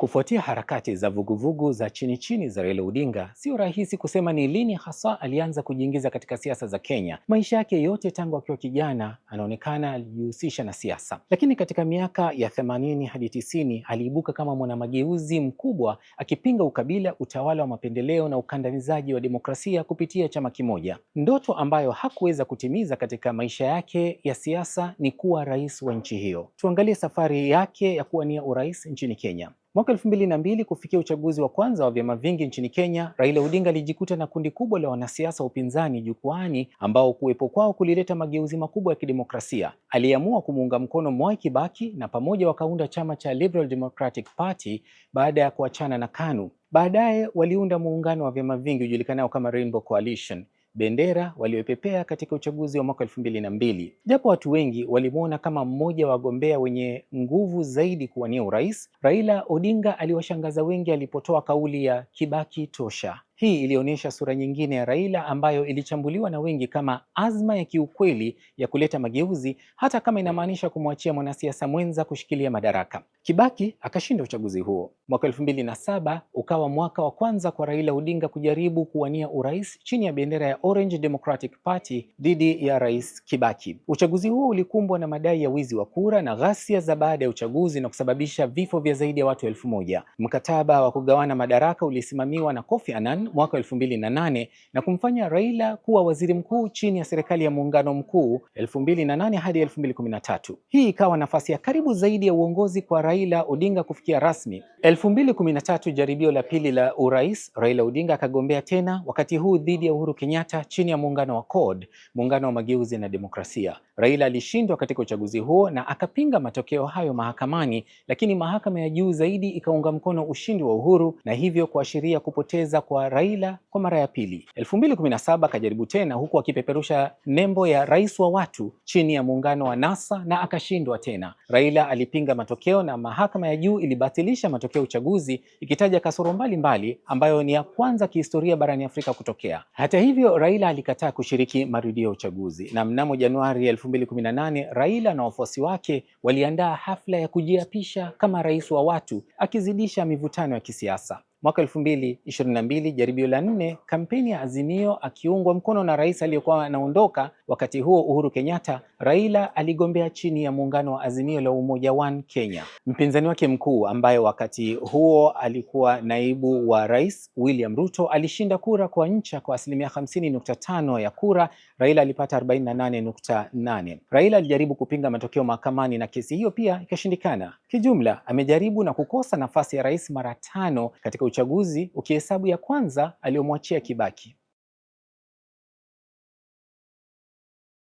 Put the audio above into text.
Kufuatia harakati za vuguvugu za chini chini za Raila Odinga, sio rahisi kusema ni lini haswa alianza kujiingiza katika siasa za Kenya. Maisha yake yote tangu akiwa kijana anaonekana alijihusisha na siasa, lakini katika miaka ya themanini hadi tisini aliibuka kama mwanamageuzi mkubwa, akipinga ukabila, utawala wa mapendeleo na ukandamizaji wa demokrasia kupitia chama kimoja. Ndoto ambayo hakuweza kutimiza katika maisha yake ya siasa ni kuwa rais wa nchi hiyo. Tuangalie safari yake ya kuwania urais nchini Kenya. Mwaka elfu mbili na mbili kufikia uchaguzi wa kwanza wa vyama vingi nchini Kenya, Raila Odinga alijikuta na kundi kubwa la wanasiasa wa upinzani jukwaani, ambao kuwepo kwao kulileta mageuzi makubwa ya kidemokrasia. Aliamua kumuunga mkono Mwai Kibaki na pamoja wakaunda chama cha Liberal Democratic Party baada ya kuachana na KANU. Baadaye waliunda muungano wa vyama vingi ujulikanao kama Rainbow Coalition bendera waliopepea katika uchaguzi wa mwaka elfu mbili na mbili. Japo watu wengi walimwona kama mmoja wa wagombea wenye nguvu zaidi kuwania urais, Raila Odinga aliwashangaza wengi alipotoa kauli ya Kibaki tosha. Hii ilionyesha sura nyingine ya Raila ambayo ilichambuliwa na wengi kama azma ya kiukweli ya kuleta mageuzi hata kama inamaanisha kumwachia mwanasiasa mwenza kushikilia madaraka. Kibaki akashinda uchaguzi huo. Mwaka 2007 ukawa mwaka wa kwanza kwa Raila Odinga kujaribu kuwania urais chini ya bendera ya Orange Democratic Party dhidi ya Rais Kibaki. Uchaguzi huo ulikumbwa na madai ya wizi wa kura na ghasia za baada ya uchaguzi na kusababisha vifo vya zaidi ya watu elfu moja. Mkataba wa kugawana madaraka ulisimamiwa na Kofi Annan mwaka elfu mbili na nane na kumfanya Raila kuwa waziri mkuu chini ya serikali ya muungano mkuu elfu mbili na nane hadi elfu mbili kumi na tatu. Hii ikawa nafasi ya karibu zaidi ya uongozi kwa Raila Odinga kufikia rasmi. elfu mbili kumi na tatu, jaribio la pili la urais, Raila Odinga akagombea tena, wakati huu dhidi ya Uhuru Kenyatta chini ya muungano wa CORD, muungano wa mageuzi na demokrasia. Raila alishindwa katika uchaguzi huo na akapinga matokeo hayo mahakamani, lakini mahakama ya juu zaidi ikaunga mkono ushindi wa Uhuru na hivyo kuashiria kupoteza kwa Raila kwa mara ya pili. 2017 akajaribu tena huku akipeperusha nembo ya rais wa watu chini ya muungano wa NASA na akashindwa tena. Raila alipinga matokeo na mahakama ya juu ilibatilisha matokeo ya uchaguzi ikitaja kasoro mbalimbali ambayo ni ya kwanza kihistoria barani Afrika kutokea. Hata hivyo, Raila alikataa kushiriki marudio ya uchaguzi na mnamo Januari 2018 Raila na wafuasi wake waliandaa hafla ya kujiapisha kama rais wa watu akizidisha mivutano ya kisiasa. Mwaka 2022 jaribio la nne, kampeni ya Azimio akiungwa mkono na rais aliyekuwa anaondoka wakati huo Uhuru Kenyatta, Raila aligombea chini ya muungano wa Azimio la Umoja One Kenya. Mpinzani wake mkuu ambaye wakati huo alikuwa naibu wa rais William Ruto alishinda kura kwa ncha kwa asilimia 50.5 ya kura, Raila alipata 48.8. Raila alijaribu kupinga matokeo mahakamani na kesi hiyo pia ikashindikana. Kijumla amejaribu na kukosa nafasi ya rais mara tano katika uchaguzi ukihesabu ya kwanza aliyomwachia Kibaki.